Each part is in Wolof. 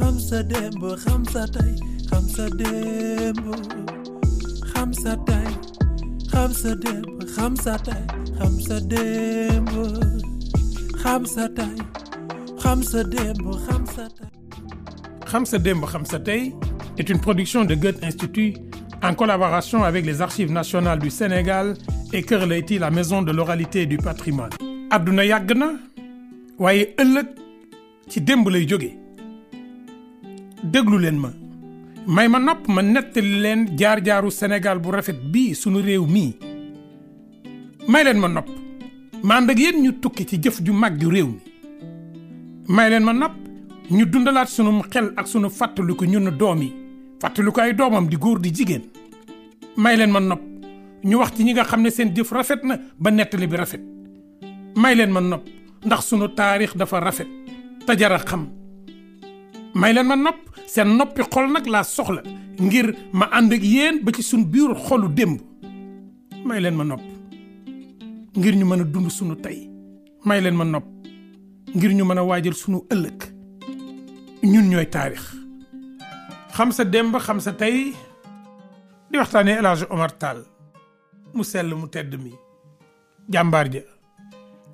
xam sa xam sa tey xam xam sa tey une production de Goethe en collaboration avec les Archives nationales du Sénégal et Kër Leyti la maison de l'oralité et du patrimoine. àdduna yàgg na ci démb lay jóge déglu leen ma may ma nopp ma nettali leen jaar-jaaru Sénégal bu rafet bii sunu réew mii may leen ma nopp ma ànd ak yéen ñu tukki ci jëf ju mag ju réew mi may leen ma nopp ñu dundalaat sunu xel ak sunu fàttaliku ñun doom yi fàttaliku ay doomam di góor di jigéen may leen ma nopp ñu wax ci ñi nga xam ne seen jëf rafet na ba nettali bi rafet may leen ma nopp ndax sunu taarix dafa rafet te jar a xam may leen ma nopp seen noppi xol nag laa soxla ngir ma ànd ak yéen ba ci suñ biir xolu démb may leen ma nopp ngir ñu mën a dund suñu tey may leen ma nopp ngir ñu mën a waajal suñu ëllëg ñun ñooy taarix xam sa démb xam sa tey di waxtaanee El Hadj Omar Tall mu sell mu tedd mi jàmbaar ja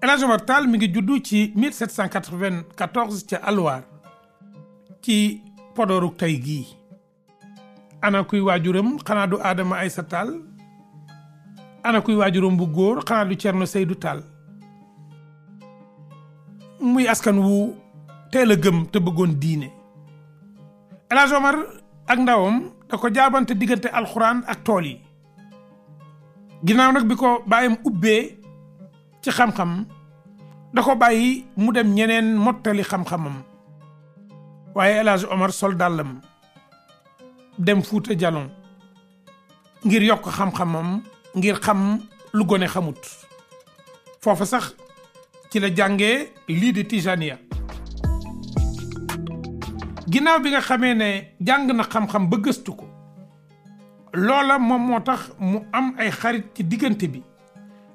El Hadj Omar Tall mi ngi juddu ci 1794 ca Alwar ci podoruk tey gii ana kuy waajuram xanaa du Adama Aysa Tall ana kuy waajuram bu góor xanaa du Cerno Seydou taal muy askan wu teel a gëm te bëggoon diine El ak ndawam da ko jaabante diggante alxuraan ak tool yi ginnaaw nag bi ko bàyyam ubbee ci xam-xam da ko bàyyi mu dem ñeneen mottali xam-xamam waaye El Hadj Omar sol dem Fuuta Jalon ngir yokk xam-xamam ngir xam lu gone xamut foofa sax ci la jàngee lii di Tijaniya ginnaaw bi nga xamee ne jàng na xam-xam ba gëstu ko loola moom moo tax mu am ay xarit ci diggante bi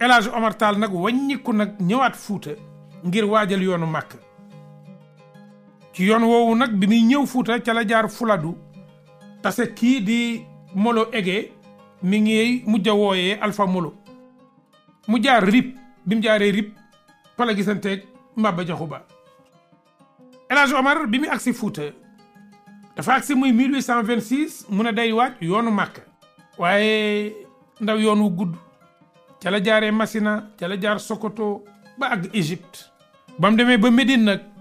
El Hadj Omar Tall nag wàññiku nag ñëwaat Fuuta ngir waajal yoonu Màkk ci yoon woowu nag bi muy ñëw Fuuta ca la jaar Fuladu tase kii di Molo Ege mi ngi mujj a wooyee alfa Molo mu jaar bi mu jaaree Rip fa la gisanteeg Maba Jaxu Ba El Hadj Omar bi mu agsi Fuuta dafa agsi muy 1826 mu ne day waaj yoonu Màkk waaye ndaw yoon wu gudd ca la jaaree Masina ca la jaar Sokoto ba ak Égypte ba demee ba Médine nag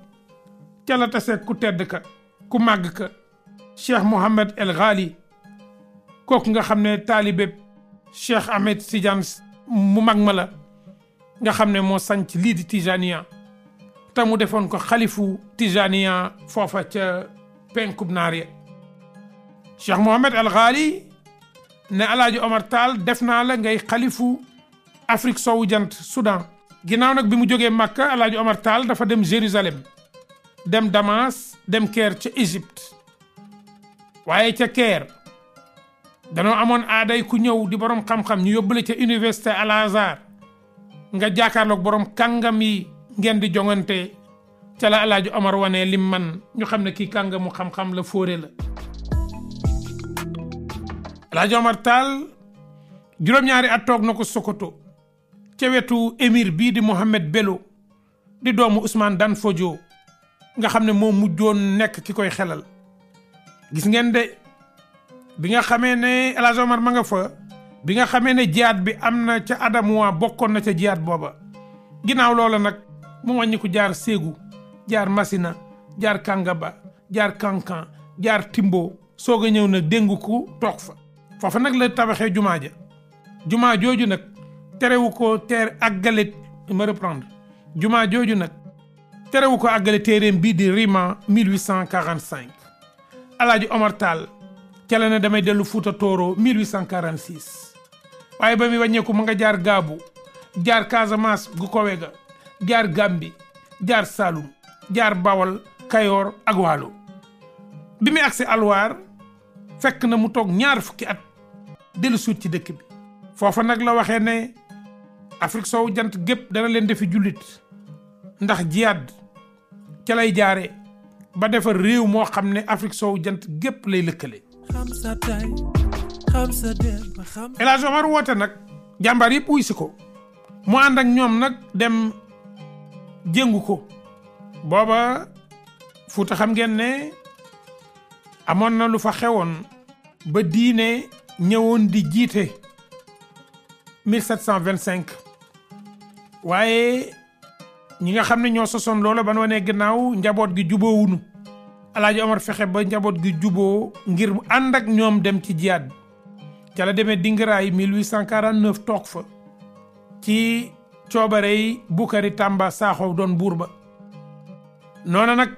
ca ku tedd ka ku màgg ka cheikh Mouhamed El Ghali kooku nga xam ne taalibe cheikh Ahmed Tidiane mu mag ma la nga xam ne moo sanc lii di Tijaniya te mu defoon ko xalifu Tijaniya foofa ca penkub naar ya cheikh Mouhamed El Ghali ne alaaji Omar Tall def naa la ngay xalifu Afrique sowu jant Soudan ginnaaw nag bi mu jógee Makka alaaji Omar Tall dafa dem Jérusalem dem Damas dem Keer ca Égypte waaye ca Keer danoo amoon aaday ku ñëw di borom xam-xam ñu yóbbule ca université Al Azhar nga jàkkaarloog borom kàngam yi ngeen di joŋante ca la El Hadj wane lim man ñu xam ne kii kàngamu xam-xam la fóore la. El Hadj juróom-ñaari at toog na ko Sokoto ca wetu émir bii di Mohamed Bello di doomu Ousmane Dan Fodio. nga xam ne moom mu mujjoon nekk ki koy xelal gis ngeen de bi nga xamee ne El Hadj ma nga fa bi nga xamee ne jiyaat bi am na ca Adamuwa bokkoon na ca jiyaat booba ginnaaw loola nag mu wàññi ko jaar Ségou jaar Masina jaar Kangaba jaar Kankan jaar Timbo soog a ñëw nag déngu ko toog fa foofa nag la tabaxee jumaa ja jumaa jooju nag terewu ko teer ak galet ma reprendre jumaa jooju nag terewu ko àggale téeréem bii di Rima 1845 Alaaji Omar Tall cale na damay dellu Fuuta Tooro 1846 waaye ba muy wàññeeku mu nga jaar Gaabu jaar Casamance gu kowe ga jaar Gambi jaar Saalum jaar Bawol Kayoor ak Waalo bi muy agsi Alwaar fekk na mu toog ñaar fukki at dellu suut ci dëkk bi foofa nag la waxee ne Afrique soowu jant gépp dana leen defi jullit ndax jiyaat ca lay jaare ba defar réew moo xam ne Afrique soow jant gépp lay lëkkale El woote nag jàmbaar yëpp wuy si ko mu ànd ak ñoom nag dem jëngu ko booba Fuuta xam ngeen ne amoon na lu fa xewoon ba diine ñëwoon di jiite 1725 waaye ñi nga xam ne ñoo sosoon loola ban wanee gannaaw njaboot gi juboowunu alaaji Omar fexe ba njaboot gi juboo ngir ànd ak ñoom dem ci jiyaat bi ca la demee dingaraay 1849 toog fa ci coobarey Bukari Tàmba Saaxo doon buur ba noona nag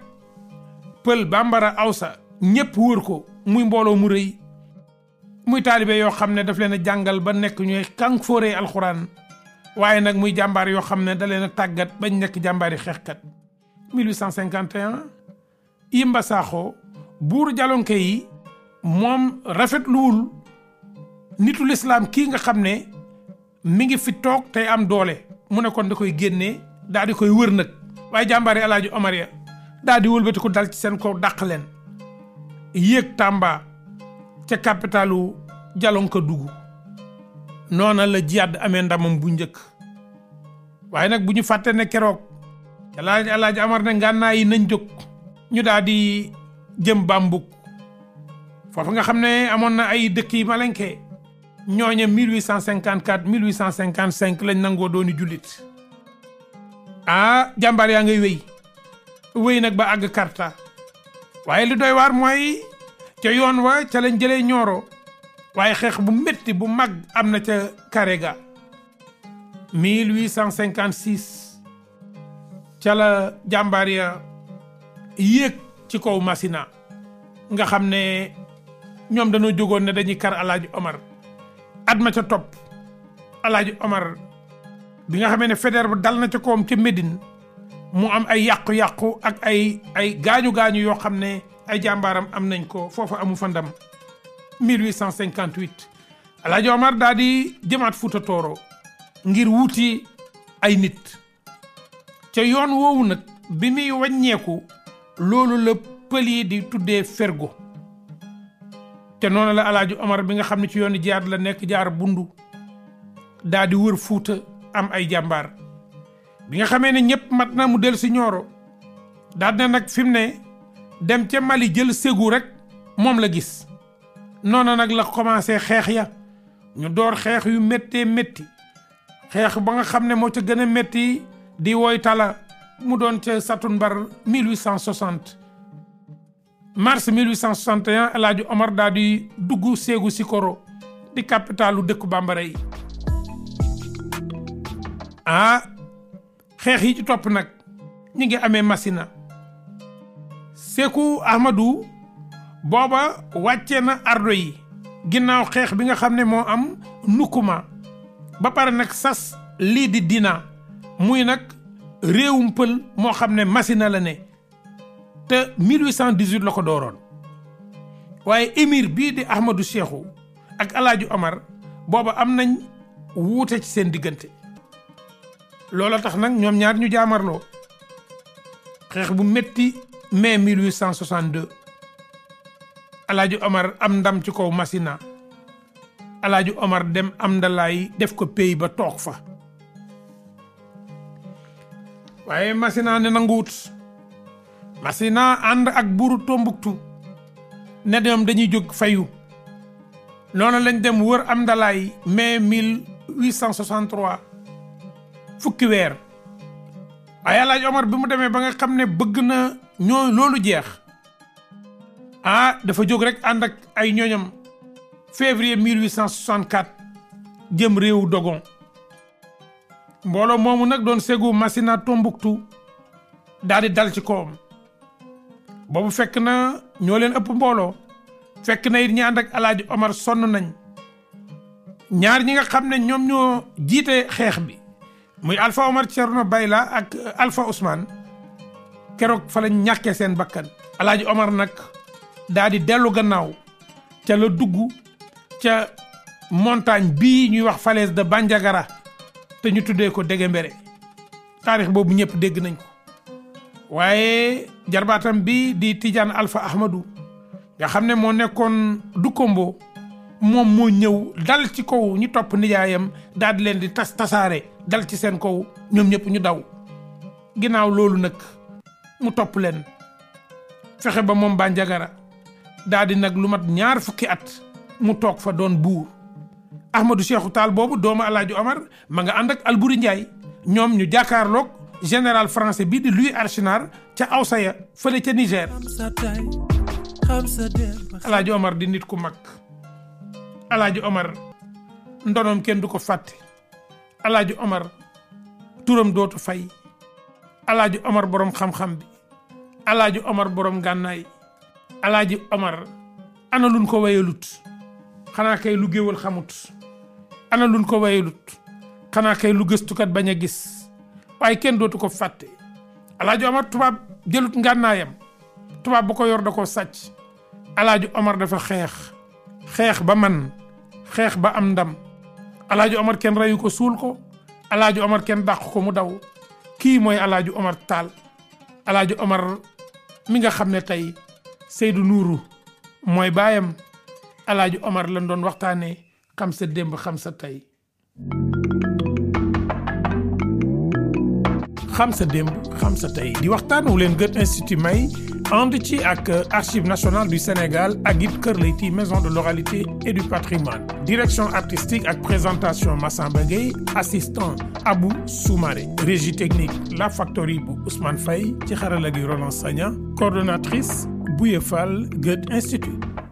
pël bambara awsa ñépp wër ko muy mbooloo mu rëy muy taalibe yoo xam ne daf leen a jàngal ba nekk ñooy kànk fóoree alxuraan waaye nag muy jàmbaar yoo xam ne da leen a tàggat bañ nekk jàmbaari xeexkat 1851 Imba Sakho buuru jalonke yi moom rafetluwul nitu lislaam kii nga xam ne mi ngi fi toog tey am doole mu ne kon da koy génne daal di koy wër nag waaye jàmbaari El Hadj Omar ya daal di wëlbatiku dal ci seen kaw dàq leen yéeg Tamba ca capitalu jalonka dugg noona la jiyaat amee ndamam bu njëkk waaye nag bu ñu fàtte ne keroog alaaji alaaji amar ne ngànnaay yi nañ jóg ñu daal di jëm bambuk foofu nga xam ne amoon na ay dëkk yi malenke ñooñe 1854 1855 lañ nangoo dooni jullit ah jàmbaar yaa ngay wéy wéy nag ba àgg karta waaye lu doy waar mooy ca yoon wa ca lañ jëlee ñooro waaye xeex bu métti bu mag am na ca Karega 1856 ca la jàmbaar ya yéeg ci kaw Masina nga xam ne ñoom dañoo jógoon ne dañuy kar Alaaji Omar at ma ca topp Alaaji Omar bi nga xamee ne Faidherbe bu dal na ca kawam ca Médine mu am ay yàqu-yàqu ak ay ay gaañu-gaañu yoo xam ne ay jàmbaaram am nañ ko foofu amu fa ndam 1858 Alaaji Omar daal di jëmaat Fuuta ngir wuti ay nit ca yoon woowu nag bi muy wàññeeku loolu la pël di tuddee fergo te noonu la Alaaji Omar bi nga xam ne ci yoonu jaar la nekk jaar bundu daal di wër Fuuta am ay jàmbaar bi nga xamee ne ñëpp mat na mu del si ñooro daal na nag fi mu ne dem ca Mali jël ségu rek moom la gis noona nag la commencé xeex ya ñu door xeex yu méttee métti xeex ba nga xam ne moo ca gëna a métti di woy tala mu doon ca satunbar 1860 mars 1861 El Hadj Omar daal di dugg Ségou Sikoro di capitalu dëkku bambara yi ah xeex yi ci topp nag ñi ngi amee Masina Sékou Ahmadou booba wàcce na ardo yi ginnaaw xeex bi nga xam ne moo am nukkuma ba pare nag sas lii di dina muy nag réewum pël moo xam ne masina la ne te 1818 la ko dooroon waaye émir bii di Ahmadou Cheikhou ak Alaaju Omar booba am nañ wuute ci seen diggante loola tax nag ñoom ñaar ñu jaamarloo xeex bu métti mai 1862 alaaju Omar am ndam ci kaw Masina alaaju Omar dem am ndalaay def ko pey ba toog fa waaye Masina ne nanguwut Masina ànd ak buuru Tombuktu ne doom dañuy jóg fayu noona lañ dem wër am ndalaay mai 1863 fukki weer waaye alaaju Omar bi mu demee ba nga xam ne bëgg na ñoo loolu jeex ah dafa jóg rek ànd ak ay ñooñam février 1864 jëm réewu Dogon mbooloo moomu nag doon segu Masina Tombouctou daal di dal ci koom boobu fekk na ñoo leen ëpp mbooloo fekk na it ñi ànd ak Alaaji Omar sonn nañ ñaar ñi nga xam ne ñoom ñoo jiite xeex bi muy Alpha Omar Cerno Bayla ak alfa Ousmane keroog fa lañ ñàkkee seen bakkan Alaaji Omar nag daa di dellu gannaaw ca la dugg ca montagne bi ñuy wax falaise de Bandiagara te ñu tuddee ko Degembéré taarix boobu ñëpp dégg nañ ko waaye jarbaatam bi di Tidiane alfa Ahmadou nga xam ne moo nekkoon du Dukombo moom moo ñëw dal ci kaw ñu topp nijaayam daal di leen di tas tasaare dal ci seen kaw ñoom ñëpp ñu daw ginnaaw loolu nag mu topp leen fexe ba moom Bandiagara daa di nag lu mat ñaar fukki at mu toog fa doon buur Ahmadou Cheikhou taal boobu doomu Alaaji Omar ma nga ànd ak Alburi Njaay ñoom ñu jàkkaarloog général français bii di Louis Archinard ca Awsaya fële ca Niger Alaaji Omar di nit ku mag Alaaji Omar ndonoom kenn du ko fàtte Alaaji Omar turam dootu fay Alaaji Omar borom xam-xam bi Alaaji Omar borom gànnaay alaaji Omar ana luñ ko wayelut xanaa kay lu géwal xamut ana luñ ko wayelut xanaa kay lu gëstukat bañ a gis waaye kenn dootu ko fàtte alaaji Omar tubaab jëlut ngànnaayam tubaab bu ko yor da koo sàcc alaaji Omar dafa xeex xeex ba man xeex ba am ndam alaaji Omar kenn reyu ko suul ko alaaji Omar kenn dàq ko mu daw kii mooy alaaji Omar Taal alaaji Omar mi nga xam ne tey Seydou Nourou mooy baayam Alaaji Omar lañ doon waxtaanee xam sa démb xam sa tey xam sa démb Amsata yi di waxtaan wu leen Goethe Institut mai ànd ci ak Archives nationales du Sénégal ak it Kër Leyti maison de l'oralité et du patrimoine direction artistique ak présentation Massamba Gueye assistant Abou Soumaré régie technique La Factory bu Ousmane Faye ci xarala gi Roland Sagna coordonnatrice Bouye Fall Goethe Institut